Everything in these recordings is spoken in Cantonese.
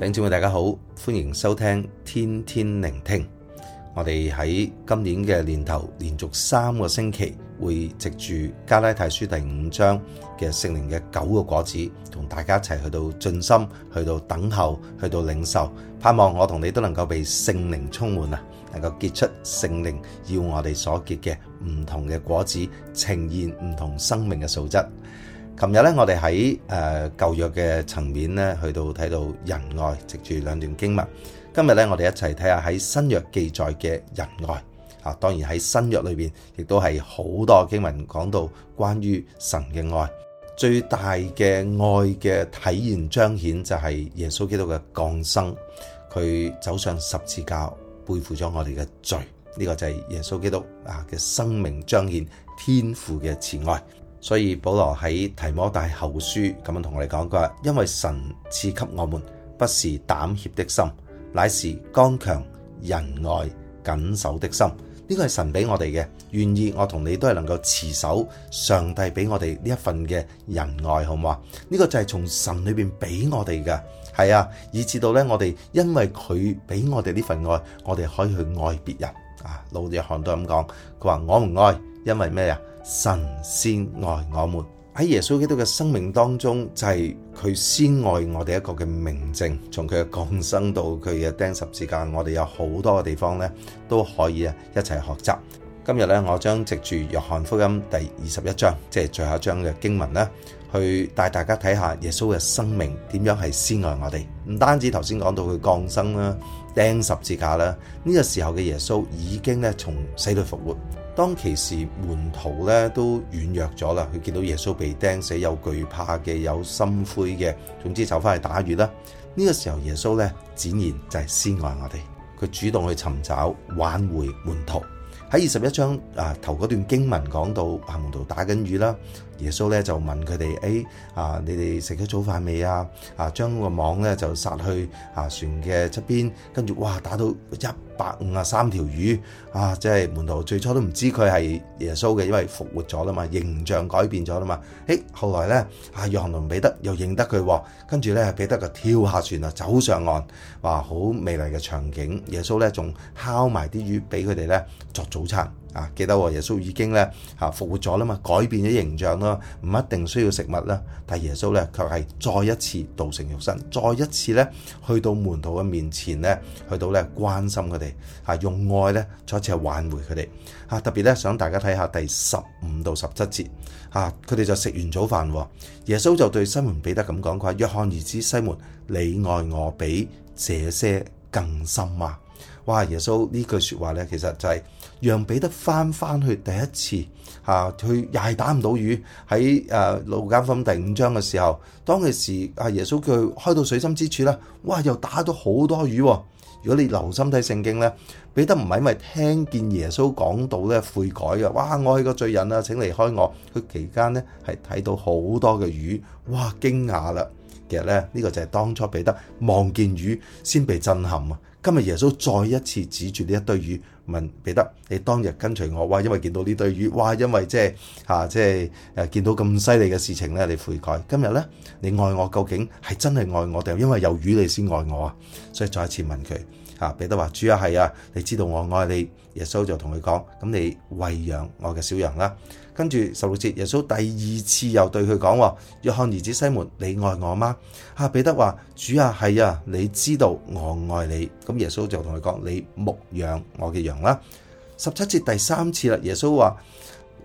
弟兄姐妹大家好，歡迎收聽天天靈聽。我哋喺今年嘅年頭，連續三個星期會藉住加拉太書第五章嘅聖靈嘅九個果子，同大家一齊去到進深，去到等候，去到領受，盼望我同你都能夠被聖靈充滿啊，能夠結出聖靈要我哋所結嘅唔同嘅果子，呈現唔同生命嘅素質。琴日咧，我哋喺誒舊約嘅層面咧，去到睇到仁愛，藉住兩段經文。今日咧，我哋一齊睇下喺新約記載嘅仁愛。啊，當然喺新約裏邊亦都係好多經文講到關於神嘅愛。最大嘅愛嘅體現彰顯，就係耶穌基督嘅降生。佢走上十字架，背負咗我哋嘅罪。呢、呢個就係耶穌基督啊嘅生命彰顯天父嘅慈愛。所以保羅喺提摩太後書咁樣同我哋講，過因為神賜給我們不是膽怯的心，乃是剛強、仁愛、謹守的心。呢個係神俾我哋嘅，願意我同你都係能夠持守上帝俾我哋呢一份嘅仁愛，好唔好啊？呢個就係從神裏邊俾我哋嘅，係啊，以至到咧我哋因為佢俾我哋呢份愛，我哋可以去愛別人。啊，老約翰都咁講，佢話：我唔愛，因為咩啊？神先愛我們。喺耶穌基督嘅生命當中，就係佢先愛我哋一個嘅明證。從佢嘅降生到佢嘅釘十字架，我哋有好多嘅地方呢都可以啊一齊學習。今日呢，我將籍住約翰福音第二十一章，即係最後一章嘅經文啦，去帶大家睇下耶穌嘅生命點樣係先愛我哋。唔單止頭先講到佢降生啦、釘十字架啦，呢個時候嘅耶穌已經咧從死裡復活。當其時門徒咧都軟弱咗啦，佢見到耶穌被釘死，有懼怕嘅，有心灰嘅，總之走翻去打魚啦。呢、這個時候耶穌咧展現就係先愛我哋，佢主動去尋找挽回門徒。喺二十一章啊頭嗰段經文講到，門徒打緊魚啦。耶穌咧就問佢哋：誒、哎、啊，你哋食咗早飯未啊？啊，將個網咧就撒去啊船嘅側邊，跟住哇打到一百五十啊三條魚啊！即係門徒最初都唔知佢係耶穌嘅，因為復活咗啦嘛，形象改變咗啦嘛。誒、哎，後來咧阿約翰同彼得又認得佢，跟住咧彼得就跳下船啦，走上岸，話好美麗嘅場景。耶穌咧仲烤埋啲魚俾佢哋咧作早餐。啊！記得耶穌已經咧嚇復活咗啦嘛，改變咗形象啦，唔一定需要食物啦。但耶穌咧，卻係再一次道成肉身，再一次咧去到門徒嘅面前咧，去到咧關心佢哋，用愛咧再次去挽回佢哋。特別咧，想大家睇下第十五到十七節，嚇佢哋就食完早飯，耶穌就對西門彼得咁講話：，約翰兒子西門，你愛我比這些更深啊！哇！耶穌呢句說話咧，其實就係、是。讓彼得返返去第一次嚇，佢又係打唔到魚。喺誒、啊、路加福音第五章嘅時候，當其時阿耶穌叫佢開到水深之處啦，哇！又打到好多魚，哦。如果你留心睇聖經咧，彼得唔係因為聽見耶穌講到咧悔改嘅。哇！我係個罪人啊，請離開我。佢期間咧係睇到好多嘅魚，哇！驚訝啦～其實咧呢、這個就係當初彼得望見魚先被震撼啊！今日耶穌再一次指住呢一堆魚問彼得：你當日跟隨我，哇！因為見到呢堆魚，哇！因為即係吓即係誒見到咁犀利嘅事情咧，你悔改。今日咧你愛我，究竟係真係愛我定係因為有魚你先愛我啊！所以再一次問佢。啊！彼得話：主啊，係啊，你知道我愛你。耶穌就同佢講：咁你餵養我嘅小羊啦。跟住十六節，耶穌第二次又對佢講：約翰兒子西門，你愛我嗎？啊！彼得話：主啊，係啊，你知道我愛你。咁耶穌就同佢講：你牧養我嘅羊啦。十七節第三次啦，耶穌話：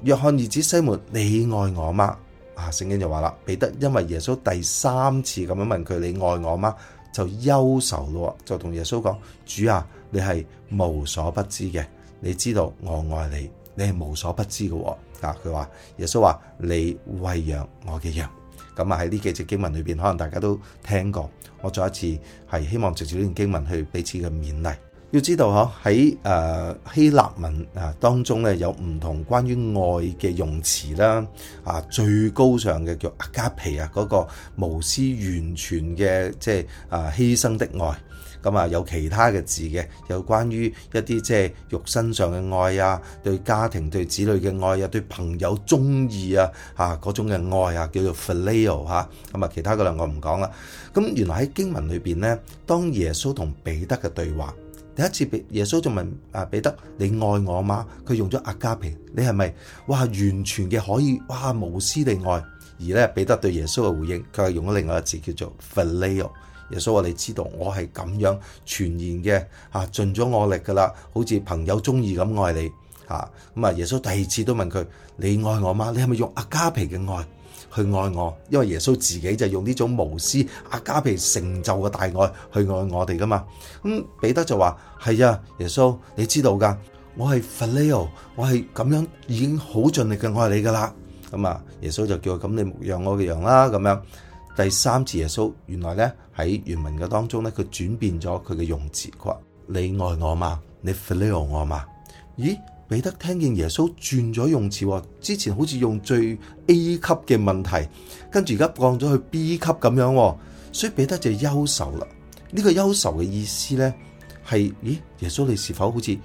約翰兒子西門，你愛我嗎？啊！聖經就話啦，彼得因為耶穌第三次咁樣問佢：你愛我嗎？就憂愁咯，就同耶穌講：主啊，你係無所不知嘅，你知道我愛你，你係無所不知嘅。嗱，佢話耶穌話：你喂養我嘅羊。咁啊喺呢幾隻經文裏邊，可能大家都聽過，我再一次係希望藉住呢段經文去彼此嘅勉勵。要知道嚇，喺誒希臘文啊當中咧，有唔同關於愛嘅用詞啦。啊最高尚嘅叫阿加皮啊嗰個，無私完全嘅，即係啊犧牲的愛。咁啊有其他嘅字嘅，有關於一啲即係肉身上嘅愛，啊對家庭對子女嘅愛，啊對朋友忠義啊嗰種嘅愛，啊叫做 Phileo 嚇。咁啊其他嗰兩個唔講啦。咁原來喺經文裏面咧，當耶穌同彼得嘅對話。第一次俾耶穌仲問啊彼得你愛我嗎？佢用咗阿加皮，你係咪哇完全嘅可以哇無私地愛？而咧彼得對耶穌嘅回應，佢係用咗另外一個字叫做 Phileo 耶穌話你知道我係咁樣全然嘅盡咗我力噶啦，好似朋友鍾意咁愛你咁啊！嗯、耶穌第二次都問佢你愛我嗎？你係咪用阿加皮嘅愛？去愛我，因為耶穌自己就用呢種無私、阿加皮成就嘅大愛去愛我哋噶嘛。咁、嗯、彼得就話：係啊，耶穌，你知道噶，我係 Phileo，我係咁樣已經好盡力嘅愛你噶啦。咁、嗯、啊，耶穌就叫佢咁你牧養我嘅羊啦。咁樣第三次耶穌，原來咧喺原文嘅當中咧，佢轉變咗佢嘅用詞，佢話：你愛我嘛？你 Phileo 我嘛？咦？彼得聽見耶穌轉咗用詞，之前好似用最 A 級嘅問題，跟住而家降咗去 B 級咁樣，所以彼得就憂愁啦。呢個憂愁嘅意思呢，係，咦，耶穌你是否好似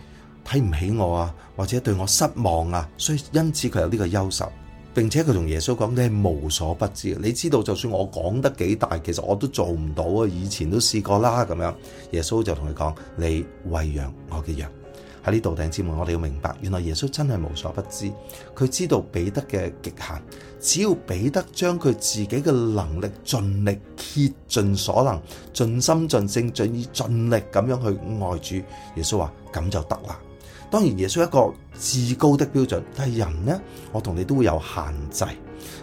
睇唔起我啊？或者對我失望啊？所以因此佢有呢個憂愁，並且佢同耶穌講，你係無所不知嘅，你知道就算我講得幾大，其實我都做唔到啊，以前都試過啦咁樣。耶穌就同佢講，你餵養我嘅羊。喺呢度，弟兄姊妹，我哋要明白，原來耶穌真係無所不知，佢知道彼得嘅極限，只要彼得將佢自己嘅能力盡力竭盡所能，盡心盡性盡意盡力咁樣去愛主。耶穌話咁就得啦。當然，耶穌一個至高的標準，但係人呢，我同你都會有限制。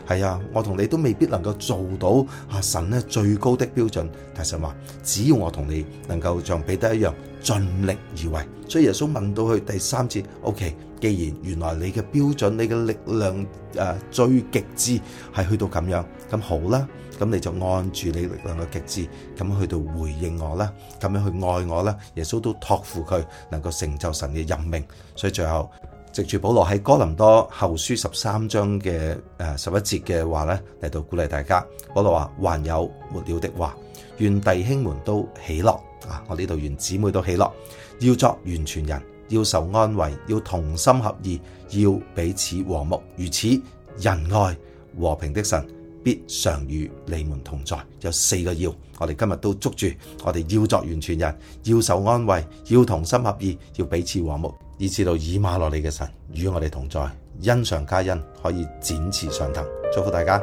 係啊，我同你都未必能夠做到神咧最高的標準，但神話，只要我同你能夠像彼得一樣盡力而為，所以耶穌問到佢第三次，OK，既然原來你嘅標準、你嘅力量誒最極致係去到咁樣，咁好啦，咁你就按住你力量嘅極致，咁去到回應我啦，咁樣去愛我啦，耶穌都託付佢能夠成就神嘅任命，所以最後。藉住保羅喺哥林多後書十三章嘅誒十一節嘅話呢嚟到鼓勵大家，保羅話，還有末了的話，願弟兄們都喜樂啊！我呢度願姊妹都喜樂，要作完全人，要受安慰，要同心合意，要彼此和睦。如此仁愛和平的神必常與你們同在。有四個要，我哋今日都捉住，我哋要作完全人，要受安慰，要同心合意，要彼此和睦。以至到以馬內利嘅神與我哋同在，恩上加恩，可以展翅上騰。祝福大家。